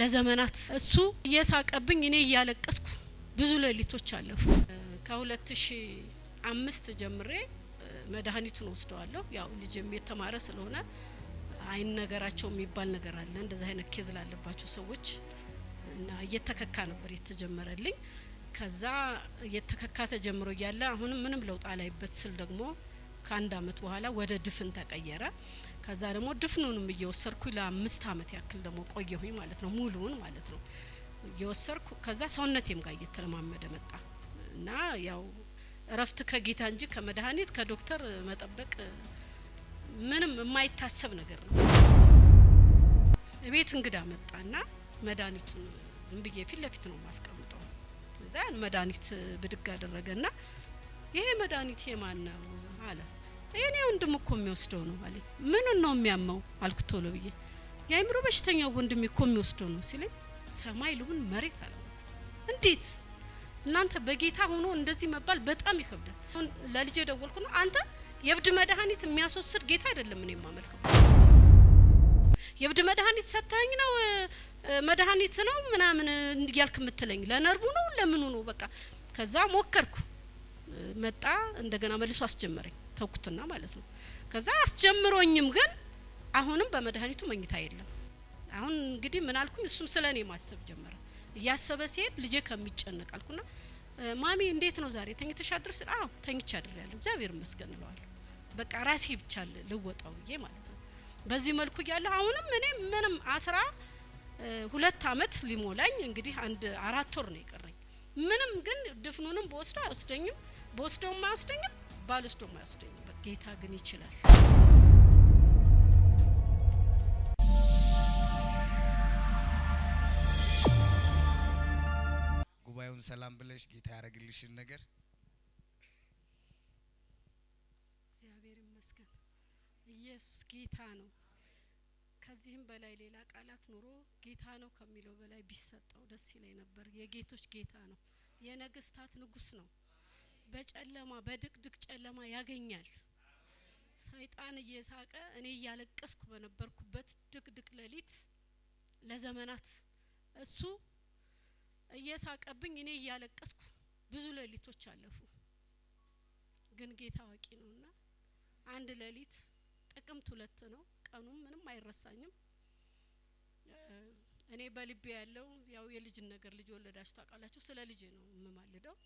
ለዘመናት እሱ እየሳቀብኝ እኔ እያለቀስኩ ብዙ ሌሊቶች አለፉ። ከሁለት ሺ አምስት ጀምሬ መድኃኒቱን ወስደዋለሁ። ያው ልጅም የተማረ ስለሆነ አይን ነገራቸው የሚባል ነገር አለ። እንደዚህ አይነት ኬዝ ላለባቸው ሰዎች እና እየተከካ ነበር የተጀመረልኝ። ከዛ እየተከካ ተጀምሮ እያለ አሁንም ምንም ለውጥ አላይበት ስል ደግሞ ከአንድ አመት በኋላ ወደ ድፍን ተቀየረ። ከዛ ደግሞ ድፍኑንም እየወሰድኩ ለአምስት አመት ያክል ደግሞ ቆየሁኝ ማለት ነው። ሙሉውን ማለት ነው እየወሰድኩ ከዛ ሰውነቴም ጋር እየተለማመደ መጣ እና ያው እረፍት ከጌታ እንጂ ከመድኃኒት ከዶክተር መጠበቅ ምንም የማይታሰብ ነገር ነው። እቤት እንግዳ መጣና መድኃኒቱን ዝም ብዬ ፊት ለፊት ነው ማስቀምጠው። እዛ መድኃኒት ብድግ አደረገና ይሄ መድኃኒት የማን ነው አለ። የኔ ወንድም እኮ የሚወስደው ነው አለኝ። ምኑን ነው የሚያመው አልኩ ቶሎ ብዬ። የአእምሮ በሽተኛው ወንድም እኮ የሚወስደው ነው ሲለኝ ሰማይ ልሁን መሬት አላወቅኩት። እንዴት እናንተ በጌታ ሆኖ እንደዚህ መባል በጣም ይከብዳል። ለልጄ ደወልኩ ነው አንተ የእብድ መድኃኒት የሚያስወስድ ጌታ አይደለም እኔ የማመልከው የእብድ መድኃኒት ሰታኝ ነው መድኃኒት ነው ምናምን እንዲያልክ የምትለኝ ለነርቡ ነው ለምኑ ነው? በቃ ከዛ ሞከርኩ መጣ እንደገና መልሶ አስጀመረኝ። ተኩትና ማለት ነው። ከዛ አስጀምሮኝም ግን አሁንም በመድኃኒቱ መኝታ የለም። አሁን እንግዲህ ምን አልኩኝ፣ እሱም ስለ እኔ ማሰብ ጀመረ። እያሰበ ሲሄድ ልጄ ከሚጨነቅ አልኩና ማሚ እንዴት ነው ዛሬ ተኝተሽ አድር ስል አዎ ተኝቼ አድሬያለሁ እግዚአብሔር ይመስገን እለዋለሁ። በቃ ራሴ ብቻ ልወጣው ብዬ ማለት ነው። በዚህ መልኩ እያለ አሁንም እኔ ምንም አስራ ሁለት አመት ሊሞላኝ እንግዲህ አንድ አራት ወር ነው የቀረኝ። ምንም ግን ድፍኑንም በወስዶ አይወስደኝም፣ በወስደውም አይወስደኝም ባልስዶ ማያስደኝበት ጌታ ግን ይችላል። ጉባኤውን ሰላም ብለሽ ጌታ ያደረግልሽን ነገር እግዚአብሔር ይመስገን። ኢየሱስ ጌታ ነው። ከዚህም በላይ ሌላ ቃላት ኑሮ ጌታ ነው ከሚለው በላይ ቢሰጠው ደስ ይለኝ ነበር። የጌቶች ጌታ ነው። የነገስታት ንጉስ ነው። በጨለማ በድቅድቅ ጨለማ ያገኛል። ሰይጣን እየሳቀ እኔ እያለቀስኩ በነበርኩበት ድቅድቅ ሌሊት ለዘመናት እሱ እየሳቀብኝ እኔ እያለቀስኩ ብዙ ሌሊቶች አለፉ። ግን ጌታ አዋቂ ነውና አንድ ሌሊት ጥቅምት ሁለት ነው ቀኑም ምንም አይረሳኝም። እኔ በልቤ ያለው ያው የልጅን ነገር ልጅ ወለዳችሁ ታውቃላችሁ። ስለ ልጄ ነው የምማልደው።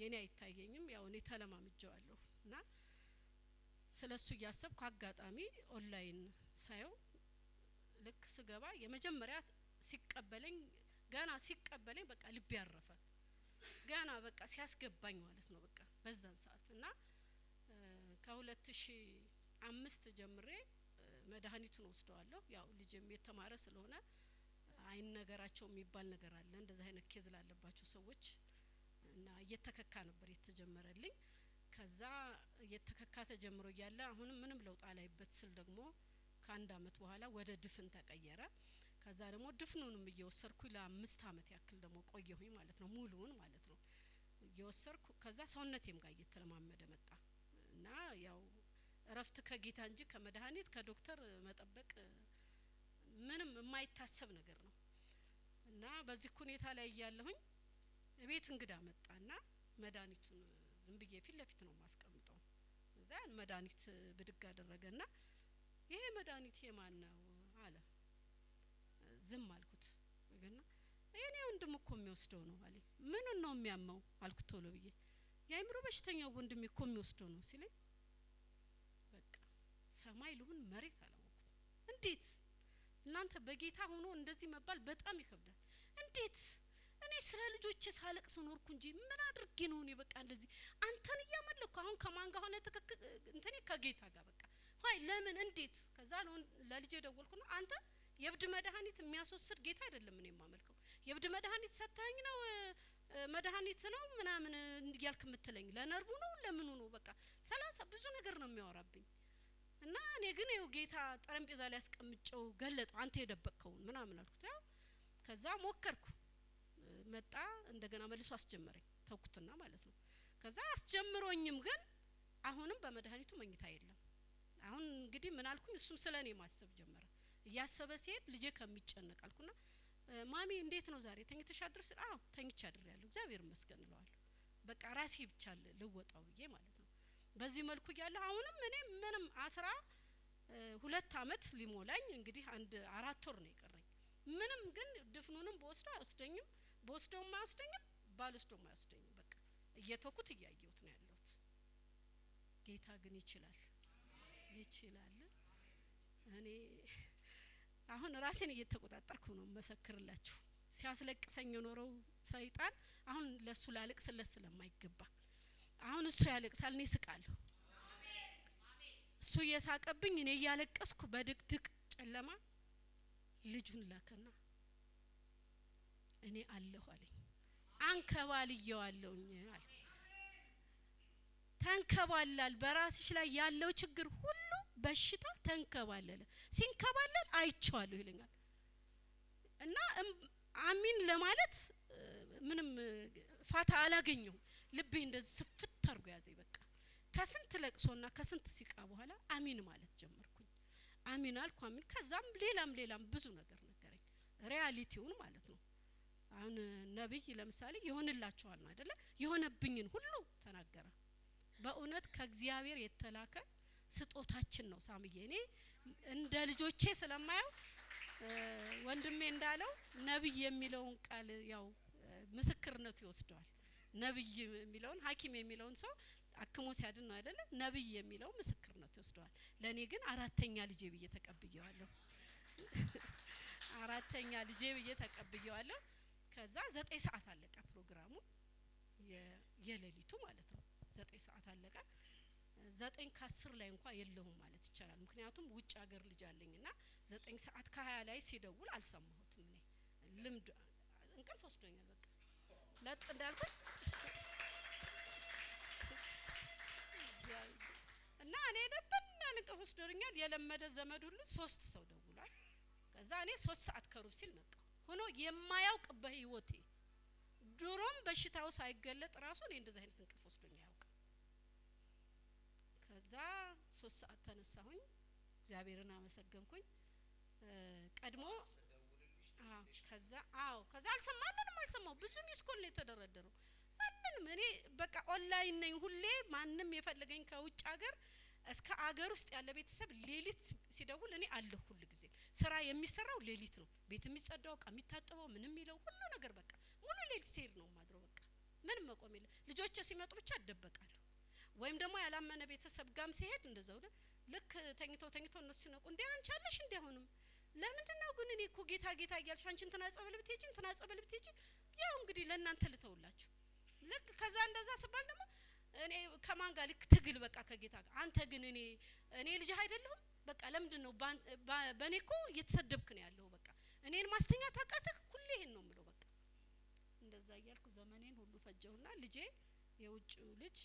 የኔ አይታየኝም ያው እኔ ተለማምጀዋለሁ እና ስለ እሱ እያሰብኩ አጋጣሚ ኦንላይን ሳየው ልክ ስገባ የመጀመሪያ ሲቀበለኝ ገና ሲቀበለኝ በቃ ልብ ያረፈ ገና በቃ ሲያስገባኝ ማለት ነው በቃ በዛን ሰዓት እና ከሁለት ሺ አምስት ጀምሬ መድኃኒቱን ወስደዋለሁ። ያው ልጅም የተማረ ስለሆነ አይን ነገራቸው የሚባል ነገር አለ እንደዚህ አይነት ኬዝ ላለባቸው ሰዎች እና እየተከካ ነበር የተጀመረልኝ። ከዛ እየተከካ ተጀምሮ እያለ አሁንም ምንም ለውጥ አላይበት ስል ደግሞ ከአንድ አመት በኋላ ወደ ድፍን ተቀየረ። ከዛ ደግሞ ድፍኑንም እየወሰድኩ ለአምስት አመት ያክል ደግሞ ቆየሁኝ ማለት ነው፣ ሙሉውን ማለት ነው እየወሰድኩ ከዛ ሰውነቴም ጋር እየተለማመደ መጣ እና ያው እረፍት ከጌታ እንጂ ከመድኃኒት ከዶክተር መጠበቅ ምንም የማይታሰብ ነገር ነው እና በዚህ ሁኔታ ላይ እያለሁኝ እቤት እንግዳ መጣና መድሀኒቱን ዝም ብዬ ፊት ለፊት ነው ማስቀምጠው እዛ ያን ብድግ አደረገና ይሄ መድሀኒት የማን ነው አለ ዝም አልኩት ግና የኔ ወንድም እኮ የሚወስደው ነው አለ ምን ነው የሚያመው አልኩት ቶሎ ብዬ የአይምሮ በሽተኛው ወንድም እኮ የሚወስደው ነው ሲለኝ በቃ ሰማይ ልሁን መሬት አላወቅኩት እንዴት እናንተ በጌታ ሆኖ እንደዚህ መባል በጣም ይከብዳል እንዴት እኔ ስለ ልጆቼ ሳለቅስ ኖርኩ እንጂ ምን አድርጌ ነው እኔ በቃ እንደዚህ አንተን እያመለኩ አሁን ከማን ጋር ሆነ ትክክል እንትኔ ከጌታ ጋር በቃ ሀይ ለምን እንዴት ከዛ ለልጄ ደወልኩ ነው አንተ የእብድ መድኃኒት የሚያስወስድ ጌታ አይደለም እኔ የማመልከው የእብድ መድኃኒት ሰታኝ ነው መድኃኒት ነው ምናምን እንዲያልክ የምትለኝ ለነርቡ ነው ለምኑ ነው በቃ ሰላሳ ብዙ ነገር ነው የሚያወራብኝ እና እኔ ግን ይኸው ጌታ ጠረጴዛ ላይ ያስቀምጨው ገለጠው አንተ የደበቅከውን ምናምን አልኩት ያው ከዛ ሞከርኩ መጣ እንደገና መልሶ አስጀመረኝ ተውኩትና ማለት ነው ከዛ አስጀምሮኝም ግን አሁንም በመድኃኒቱ መኝታ የለም አሁን እንግዲህ ምን አልኩኝ እሱም ስለ እኔ ማሰብ ጀመረ እያሰበ ሲሄድ ልጄ ከሚጨነቅ አልኩና ማሚ እንዴት ነው ዛሬ ተኝተሽ አድርስ አዎ ተኝቼ አድሬያለሁ እግዚአብሔር ይመስገን እለዋለሁ በቃ ራሴ ብቻ ልወጣው ብዬ ማለት ነው በዚህ መልኩ እያለሁ አሁንም እኔ ምንም አስራ ሁለት አመት ሊሞላኝ እንግዲህ አንድ አራት ወር ነው የቀረኝ ምንም ግን ድፍኑንም በወስዳ አይወስደኝም። በወስደውም አይወስደኝም ባልወስደውም አይወስደኝም። በቃ እየተኩት እያየሁት ነው ያለሁት። ጌታ ግን ይችላል ይችላል። እኔ አሁን ራሴን እየተቆጣጠርኩ ነው መሰክርላችሁ። ሲያስለቅሰኝ የኖረው ሰይጣን አሁን ለሱ ላልቅስለት ስለማይገባ አሁን እሱ ያለቅሳል፣ እኔ ስቃለሁ። እሱ እየሳቀብኝ እኔ እያለቀስኩ በድቅድቅ ጨለማ ልጁን ላከና እኔ አለሁ አለኝ። አንከባልየዋለሁኝ አለ። ተንከባላል። በራስሽ ላይ ያለው ችግር ሁሉ በሽታ ተንከባለለ። ሲንከባለል አይቼዋለሁ ይለኛል እና አሚን ለማለት ምንም ፋታ አላገኘሁም። ልቤ እንደዚህ ስፍት አድርጎ ያዘኝ። በቃ ከስንት ለቅሶና ከስንት ሲቃ በኋላ አሚን ማለት ጀመርኩኝ። አሚን አልኩ። አሚን ከዛም ሌላም ሌላም ብዙ ነገር ነገረኝ። ሪያሊቲውን ማለት ነው። አሁን ነቢይ ለምሳሌ ይሆንላችኋል ነው አይደለ? የሆነብኝን ሁሉ ተናገረ። በእውነት ከእግዚአብሔር የተላከ ስጦታችን ነው። ሳምዬ እኔ እንደ ልጆቼ ስለማየው ወንድሜ እንዳለው ነቢይ የሚለውን ቃል ያው ምስክርነቱ ይወስደዋል። ነቢይ የሚለውን ሐኪም የሚለውን ሰው አክሞ ሲያድን ነው አይደለ? ነቢይ የሚለው ምስክርነቱ ይወስደዋል። ለእኔ ግን አራተኛ ልጄ ብዬ ተቀብየዋለሁ። አራተኛ ልጄ ብዬ ተቀብየዋለሁ። ከዛ ዘጠኝ ሰዓት አለቀ ፕሮግራሙ የሌሊቱ ማለት ነው። ዘጠኝ ሰዓት አለቀ። ዘጠኝ ከአስር ላይ እንኳ የለሁም ማለት ይቻላል። ምክንያቱም ውጭ ሀገር ልጅ አለኝ እና ዘጠኝ ሰዓት ከሀያ ላይ ሲደውል አልሰማሁትም። እኔ ልምድ እንቅልፍ ወስዶኛል። በቃ ለጥ እንዳልኩት እና እኔ ነበና እንቅልፍ ወስዶኛል። የለመደ ዘመድ ሁሉ ሶስት ሰው ደውሏል። ከዛ እኔ ሶስት ሰዓት ከሩብ ሲል ነቃ ሆኖ የማያውቅ በህይወቴ ድሮም በሽታው ሳይገለጥ ራሱ እኔ እንደዚህ አይነት እንቅልፍ ወስዶኝ አያውቅም። ከዛ ሶስት ሰዓት ተነሳሁኝ፣ እግዚአብሔርን አመሰገንኩኝ። ቀድሞ ከዛ አዎ፣ ከዛ አልሰማ ማንንም አልሰማው። ብዙ ሚስኮል ነው የተደረደረው። ማንንም እኔ በቃ ኦንላይን ነኝ ሁሌ። ማንም የፈለገኝ ከውጭ ሀገር እስከ አገር ውስጥ ያለ ቤተሰብ ሌሊት ሲደውል እኔ አለሁ። ሁል ጊዜ ስራ የሚሰራው ሌሊት ነው። ቤት የሚጸዳው፣ እቃ የሚታጠበው፣ ምንም የሚለው ሁሉ ነገር በቃ ሙሉ ሌሊት ሲሄድ ነው ማድረው። በቃ ምንም መቆም የለ። ልጆቼ ሲመጡ ብቻ እደበቃለሁ። ወይም ደግሞ ያላመነ ቤተሰብ ጋም ሲሄድ እንደዛው ልክ ተኝተው ተኝተው እነሱ ሲነቁ እንዲ አንቺ አለሽ እንዲ አሁንም ለምንድን ነው ግን እኔ እኮ ጌታ ጌታ እያልሽ አንቺ እንትና ጸበል ብትሄጂ እንትና ጸበል ብትሄጂ ያው እንግዲህ ለእናንተ ልተውላችሁ ልክ ከዛ እንደዛ ስባል ደግሞ እኔ ከማን ጋር ልክ ትግል በቃ ከጌታ ጋር አንተ ግን እኔ እኔ ልጅ አይደለሁም በቃ ለምንድን ነው በእኔ እኮ እየተሰደብክ ነው ያለው በቃ እኔን ማስተኛ ታቃትህ ሁሌ ይሄን ነው የምለው በቃ እንደዛ እያልኩ ዘመኔን ሁሉ ፈጀሁና ልጄ የውጭው ልጅ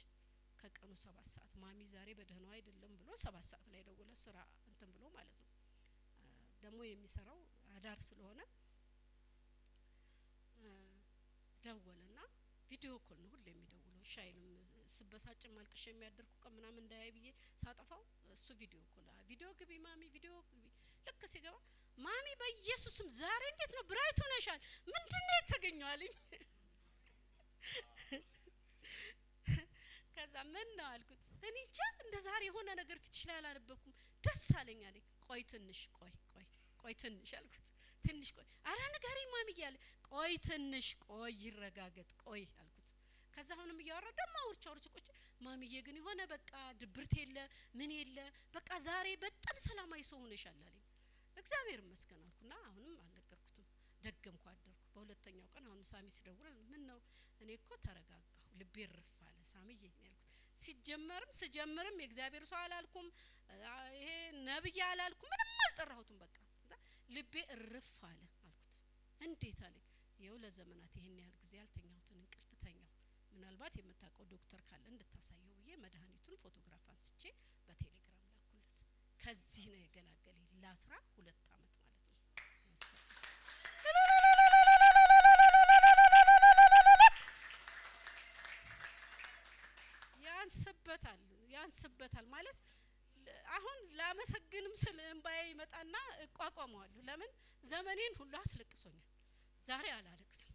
ከቀኑ ሰባት ሰዓት ማሚ ዛሬ በደህና አይደለም ብሎ ሰባት ሰዓት ላይ ደውለ ስራ እንትን ብሎ ማለት ነው ደግሞ የሚሰራው አዳር ስለሆነ ደወለና ቪዲዮ ኮል ነው ሁሌ የሚደውለው ሻይልም ስበሳጭም አልቅሽ የሚያደርኩ ቀን ምናምን እንዳያይ ብዬ ሳጠፋው እሱ ቪዲዮ እኮ ቪዲዮ ግቢ ማሚ ቪዲዮ ግቢ ልክ ሲገባ ማሚ በኢየሱስም ዛሬ እንዴት ነው ብራይት ሆነሻል ምንድን ነው የተገኘው አለኝ ከዛ ምን ነው አልኩት እኔ እንጃ እንደ ዛሬ የሆነ ነገር ፊትሽ ላይ አላነበብኩም ደስ አለኝ አለኝ ቆይ ትንሽ ቆይ ቆይ ቆይ ትንሽ አልኩት ትንሽ ቆይ አራ ንገሪ ማሚ እያለ ቆይ ትንሽ ቆይ ይረጋገጥ ቆይ አልኩት ከዛ አሁንም እያወራ ደግሞ አውርቻ አውርች ቆጭ ማሚዬ ግን የሆነ በቃ ድብርት የለ ምን የለ በቃ ዛሬ በጣም ሰላማዊ ሰው ሆነሻል አለኝ። እግዚአብሔር ይመስገን አልኩና አሁንም አልነገርኩትም ደገምኩ አደርኩ። በሁለተኛው ቀን አሁን ሳሚ ስደውል ምን ነው እኔ እኮ ተረጋጋሁ፣ ልቤ ርፍ አለ ሳሚዬ ያልኩት። ሲጀመርም ስጀምርም የእግዚአብሔር ሰው አላልኩም፣ ይሄ ነብዬ አላልኩም፣ ምንም አልጠራሁትም። በቃ ልቤ እርፍ አለ አልኩት። እንዴት አለኝ። ይኸው ለዘመናት ይህን ያህል ጊዜ ያልተኛሁትን እንቅልፍ ተኛሁ። ምናልባት የምታውቀው ዶክተር ካለ እንድታሳየው ብዬ መድኃኒቱን ፎቶግራፍ አንስቼ በቴሌግራም ላኩለት። ከዚህ ነው የገላገለ ለአስራ ሁለት አመት ማለት ነው። ያንስበታል ያንስበታል ማለት አሁን ላመሰግንም ስል እንባዬ ይመጣና እቋቋመዋለሁ። ለምን ዘመኔን ሁሉ አስለቅሶኛል። ዛሬ አላለቅስም።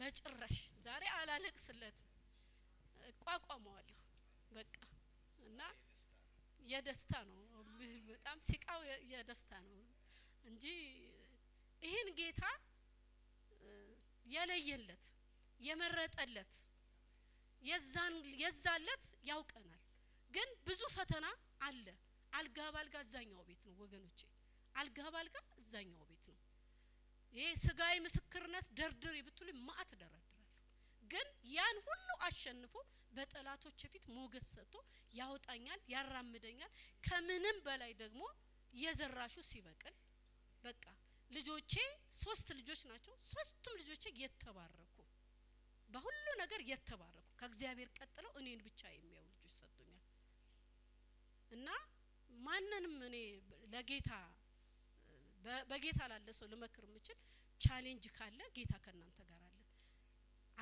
በጭራሽ ዛሬ አላለቅስለትም እቋቋመዋለሁ በቃ እና የደስታ ነው በጣም ሲቃው የደስታ ነው እንጂ ይህን ጌታ የለየለት የመረጠለት የዛን የዛለት ያውቀናል ግን ብዙ ፈተና አለ አልጋ ባልጋ እዛኛው ቤት ነው ወገኖቼ አልጋ ባልጋ እዛኛው ቤት ይሄ ስጋዊ ምስክርነት ደርድሪ ብትሉ ማአት ደረድራለሁ። ግን ያን ሁሉ አሸንፎ በጠላቶች ፊት ሞገስ ሰጥቶ ያወጣኛል፣ ያራምደኛል። ከምንም በላይ ደግሞ የዘራሹ ሲበቅል በቃ ልጆቼ ሶስት ልጆች ናቸው። ሶስቱም ልጆቼ የተባረኩ በሁሉ ነገር የተባረኩ ከእግዚአብሔር ቀጥለው እኔን ብቻ የሚያዩ ልጆች ሰጡኛል እና ማንንም እኔ ለጌታ በጌታ ላለ ሰው ልመክር የምችል ቻሌንጅ ካለ ጌታ ከእናንተ ጋር አለ።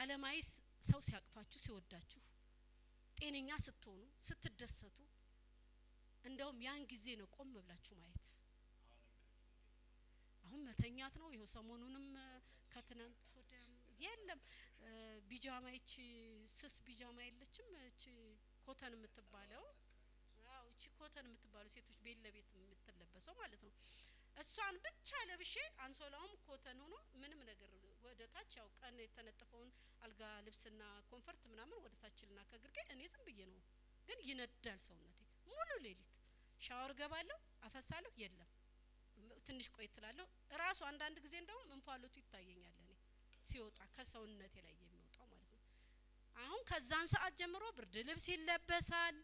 አለማይስ ሰው ሲያቅፋችሁ፣ ሲወዳችሁ፣ ጤነኛ ስትሆኑ፣ ስትደሰቱ እንደውም ያን ጊዜ ነው ቆም ብላችሁ ማየት። አሁን መተኛት ነው። ይኸው ሰሞኑንም ከትናንት ወዲያ የለም ቢጃማ ይቺ ስስ ቢጃማ የለችም እቺ ኮተን የምትባለው እቺ ኮተን የምትባለው ሴቶች ቤት ለቤት የምትለበሰው ማለት ነው እሷን ብቻ ለብሼ አንሶላውም ኮተን ሆኖ ምንም ነገር ወደ ታች ያው ቀን የተነጠፈውን አልጋ ልብስና ኮንፈርት ምናምን ወደ ታችልና ከግርጌ እኔ ዝም ብዬ ነው ግን ይነዳል ሰውነቴ ሙሉ ሌሊት ሻወር ገባለሁ አፈሳለሁ የለም ትንሽ ቆይ ትላለሁ ራሱ አንዳንድ ጊዜ እንደውም እንፋሎቱ ይታየኛል እኔ ሲወጣ ከሰውነቴ ላይ የሚወጣው ማለት ነው አሁን ከዛን ሰዓት ጀምሮ ብርድ ልብስ ይለበሳል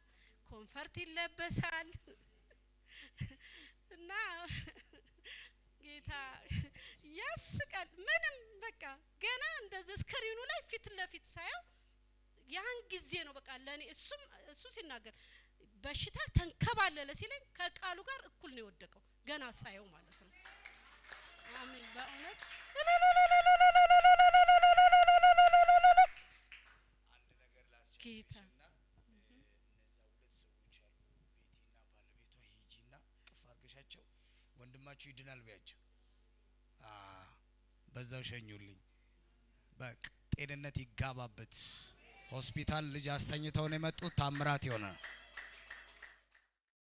ኮንፈርት ይለበሳል እና ጌታ ያስቃል። ምንም በቃ ገና እንደዚህ ስክሪኑ ላይ ፊት ለፊት ሳየው ያን ጊዜ ነው በቃ ለእኔ እሱም እሱ ሲናገር በሽታ ተንከባለለ ሲለኝ ከቃሉ ጋር እኩል ነው የወደቀው ገና ሳየው ማለት ነው። አሜን በእውነት ካመናችሁ ይድናል ቢያቸው በዛው ሸኙልኝ። በቃ ጤንነት ይጋባበት። ሆስፒታል ልጅ አስተኝተው ነው የመጡት። ታምራት ይሆናል።